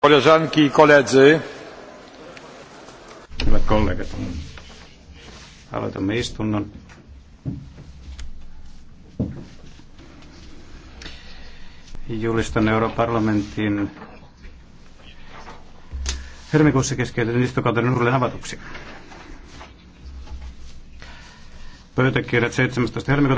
Koleżanki i koledzy. Hyvät kollegat, aloitamme istunnon. Julistan europarlamentin helmikuussa keskeytetyn istokauden uudelleen avatuksi. Pöytäkirjat 17. helmikuuta